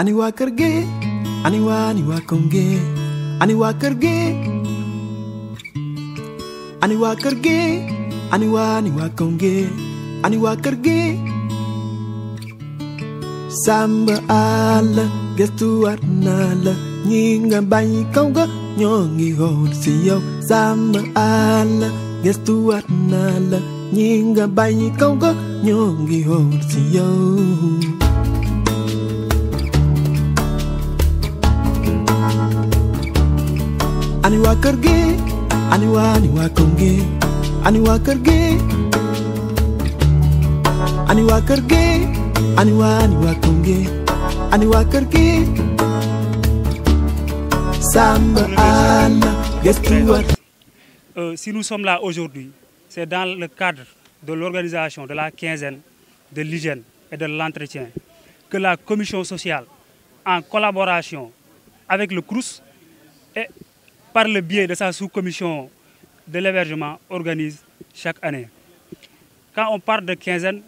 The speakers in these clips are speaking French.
Ani wa kerge, ani wa ani wa konge, wa kerge, ani wa kerge, ani wa ani wa konge, wa kerge. Samba ala getuar nala nyinga bayi konga nyongi hon siyo Samba ala getuar nala nyinga bayi konga nyongi hon siyo si nous sommes là aujourd'hui, c'est dans le cadre de l'organisation de la quinzaine de l'hygiène et de l'entretien que la commission sociale, en collaboration avec le CRUS, est par le biais de sa sous-commission de l'hébergement, organise chaque année. Quand on parle de quinzaine,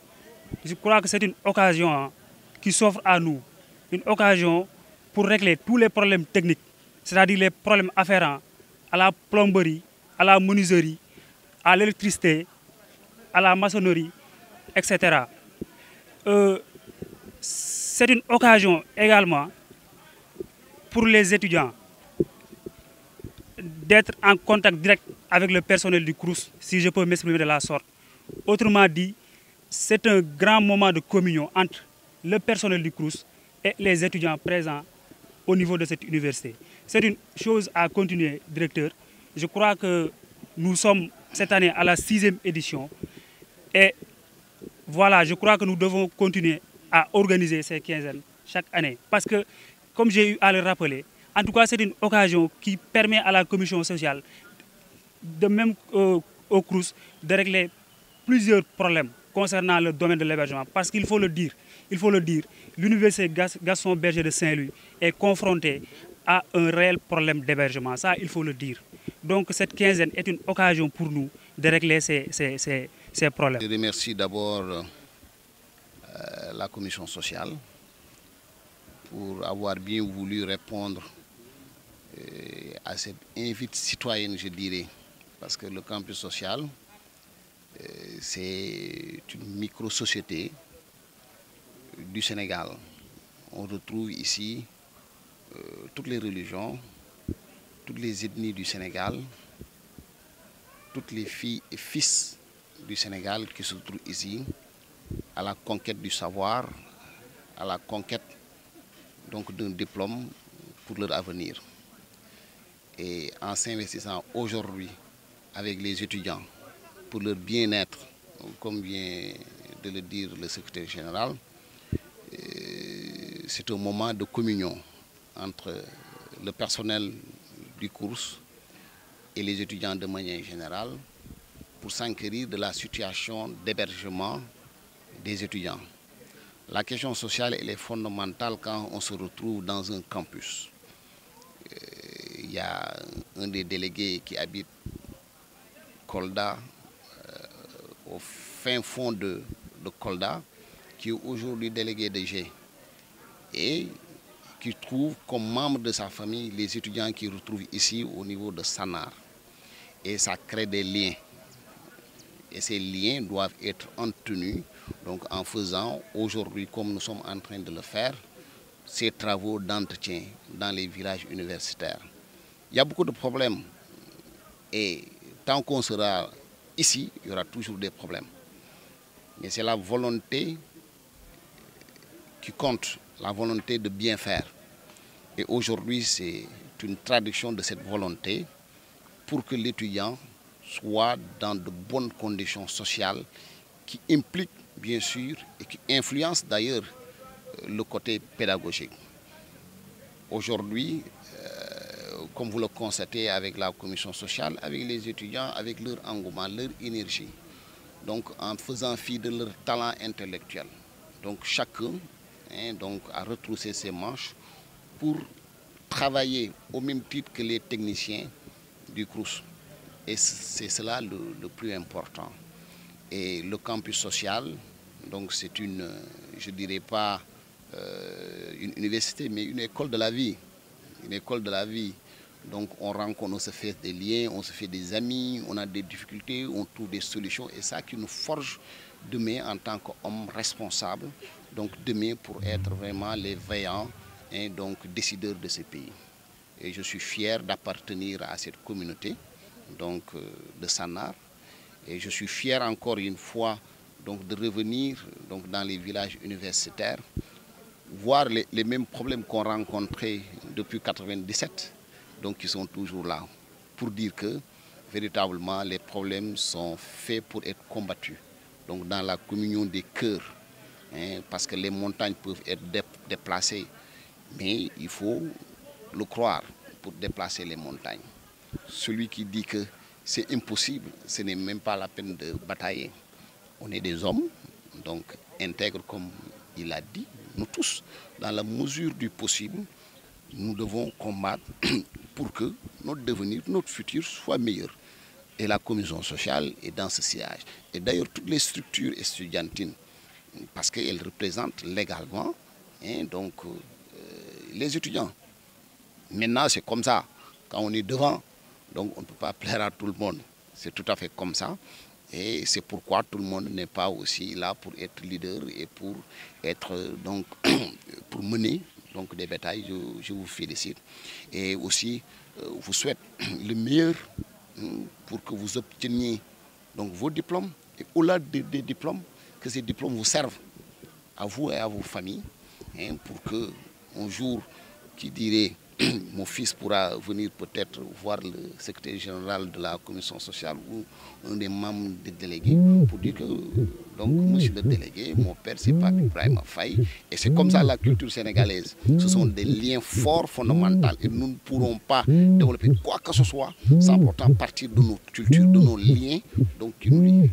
je crois que c'est une occasion hein, qui s'offre à nous, une occasion pour régler tous les problèmes techniques, c'est-à-dire les problèmes afférents à la plomberie, à la menuiserie, à l'électricité, à la maçonnerie, etc. Euh, c'est une occasion également pour les étudiants d'être en contact direct avec le personnel du CRUS, si je peux m'exprimer de la sorte. Autrement dit, c'est un grand moment de communion entre le personnel du CRUS et les étudiants présents au niveau de cette université. C'est une chose à continuer, directeur. Je crois que nous sommes cette année à la sixième édition et voilà, je crois que nous devons continuer à organiser ces quinzaines chaque année parce que, comme j'ai eu à le rappeler, en tout cas, c'est une occasion qui permet à la commission sociale, de même euh, au CRUS, de régler plusieurs problèmes concernant le domaine de l'hébergement. Parce qu'il faut le dire, il faut le dire, l'université Gaston Berger de Saint-Louis est confrontée à un réel problème d'hébergement. Ça, il faut le dire. Donc cette quinzaine est une occasion pour nous de régler ces, problèmes. Je remercie d'abord euh, la commission sociale pour avoir bien voulu répondre à cette invite citoyenne, je dirais, parce que le campus social, euh, c'est une micro-société du Sénégal. On retrouve ici euh, toutes les religions, toutes les ethnies du Sénégal, toutes les filles et fils du Sénégal qui se trouvent ici à la conquête du savoir, à la conquête donc d'un diplôme pour leur avenir. Et en s'investissant aujourd'hui avec les étudiants pour leur bien-être, comme vient de le dire le secrétaire général, euh, c'est un moment de communion entre le personnel du cours et les étudiants de manière générale pour s'enquérir de la situation d'hébergement des étudiants. La question sociale est fondamentale quand on se retrouve dans un campus il y a un des délégués qui habite Kolda, euh, au fin fond de, Kolda, qui est aujourd'hui délégué de G. Et qui trouve comme membre de sa famille les étudiants qui retrouvent ici au niveau de Sanar. Et ça crée des liens. Et ces liens doivent être entretenus donc en faisant aujourd'hui, comme nous sommes en train de le faire, ces travaux d'entretien dans les villages universitaires. Il y a beaucoup de problèmes. Et tant qu'on sera ici, il y aura toujours des problèmes. Mais c'est la volonté qui compte, la volonté de bien faire. Et aujourd'hui, c'est une traduction de cette volonté pour que l'étudiant soit dans de bonnes conditions sociales qui impliquent bien sûr et qui influencent d'ailleurs euh, le côté pédagogique. Aujourd'hui, euh, comme vous le constatez avec la commission sociale, avec les étudiants, avec leur engouement, leur énergie. Donc en faisant fi de leur talent intellectuel. Donc chacun hein, donc, a retroussé ses manches pour travailler au même titre que les techniciens du CRUS. Et c'est cela le, plus important. Et le campus social, donc c'est une, je dirais pas euh, une université, mais une école de la vie une école de la vie. Donc on rencontre, on se fait des liens, on se fait des amis, on a des difficultés, on trouve des solutions et ça qui nous forge demain en tant qu'homme responsable, donc demain pour être vraiment les veillants et hein, donc décideurs de ce pays. Et je suis fier d'appartenir à cette communauté donc euh, de Sanar et je suis fier encore une fois donc de revenir donc dans les villages universitaires voir les mêmes problèmes qu'on rencontrait depuis 1997, donc ils sont toujours là pour dire que véritablement les problèmes sont faits pour être combattus. Donc dans la communion des cœurs, hein, parce que les montagnes peuvent être déplacées, mais il faut le croire pour déplacer les montagnes. Celui qui dit que c'est impossible, ce n'est même pas la peine de batailler. On est des hommes, donc intègres comme il a dit, nous tous, dans la mesure du possible, nous devons combattre pour que notre devenir, notre futur soit meilleur. Et la commission sociale est dans ce siège. Et d'ailleurs, toutes les structures étudiantines, parce qu'elles représentent légalement hein, donc, euh, les étudiants. Maintenant, c'est comme ça. Quand on est devant, donc on ne peut pas plaire à tout le monde. C'est tout à fait comme ça. Et c'est pourquoi tout le monde n'est pas aussi là pour être leader et pour être euh, donc pour mener donc des bétails. Je, vous félicite et aussi euh, vous souhaite le meilleur euh, pour que vous obteniez donc vos diplômes et au-delà des, diplômes, que ces diplômes vous servent à vous et à vos familles hein, pour qu'un jour, qui dirait mon fils pourra venir peut-être voir le secrétaire général de la commission sociale ou un des membres des délégués pour dire que, donc, suis le délégué, mon père, c'est pas ma faille. Et c'est comme ça la culture sénégalaise. Ce sont des liens forts, fondamentaux. Et nous ne pourrons pas développer quoi que ce soit sans pourtant partir de nos cultures, de nos liens donc, qui nous lient.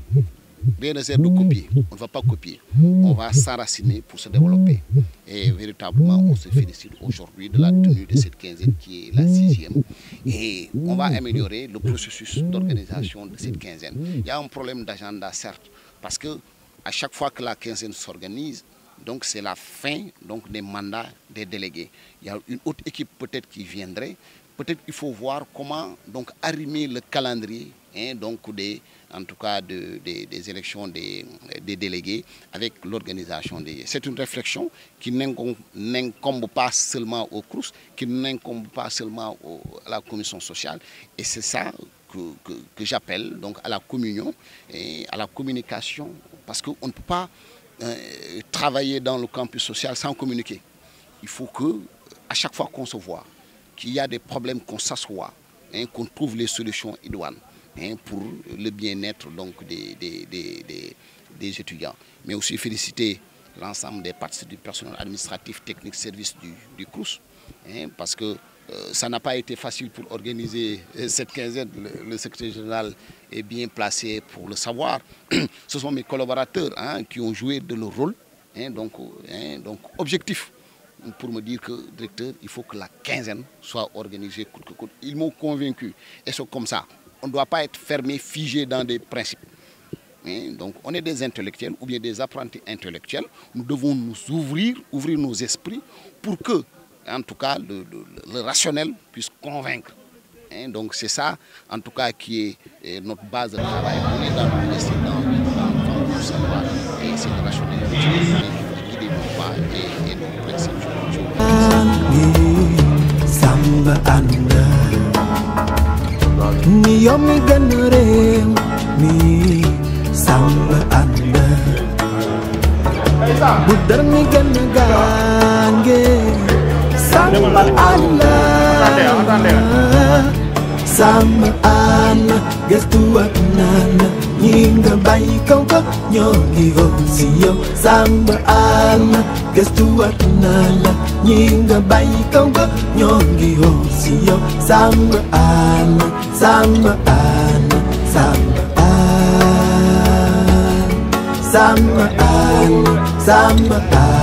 Bien de copier. On ne va pas copier. On va s'enraciner pour se développer. Et véritablement, on se félicite aujourd'hui de la tenue de cette quinzaine qui est la sixième. Et on va améliorer le processus d'organisation de cette quinzaine. Il y a un problème d'agenda, certes, parce que à chaque fois que la quinzaine s'organise, donc c'est la fin donc, des mandats des délégués. Il y a une autre équipe peut-être qui viendrait. Peut-être qu'il faut voir comment donc arrimer le calendrier Hein, donc des, en tout cas des, élections des, délégués avec l'organisation des... C'est une réflexion qui n'incombe pas seulement au CRUS, qui n'incombe pas seulement à la commission sociale. Et c'est ça que, j'appelle donc à la communion et à la communication, parce qu'on ne peut pas euh, travailler dans le campus social sans communiquer. Il faut que, à chaque fois qu'on se voit, qu'il y a des problèmes, qu'on s'assoit, hein, qu'on trouve les solutions idoines. Hein, pour le bien-être donc des, étudiants. Mais aussi féliciter l'ensemble des parties du personnel administratif, technique, service du, CRUS, hein, parce que euh, ça n'a pas été facile pour organiser euh, cette quinzaine. Le, secrétaire général est bien placé pour le savoir. Ce sont mes collaborateurs hein, qui ont joué de leur rôle, euh, donc, objectif pour me dire que, directeur, il faut que la quinzaine soit organisée Ils m'ont convaincu. Et c'est comme ça on ne doit pas être fermé, figé dans des principes. Hein, donc on est des intellectuels ou bien des apprentis intellectuels. Nous devons nous ouvrir, ouvrir nos esprits pour que, en tout cas, le, rationnel puisse convaincre. Hein, donc c'est ça, en tout cas, qui est, notre base de travail. On est dans le dans, le savoir, et c'est le rationnel qui guide ni yom gan rem ni sam anda budar ni gan gange sam anda sam anda gestua nana Ninga bay kau kau nyongi go siyo Samba ana gestua nana bay yinga bayikangwa nyongiho siyo samba ana samba ana samba ana samba ana samba ana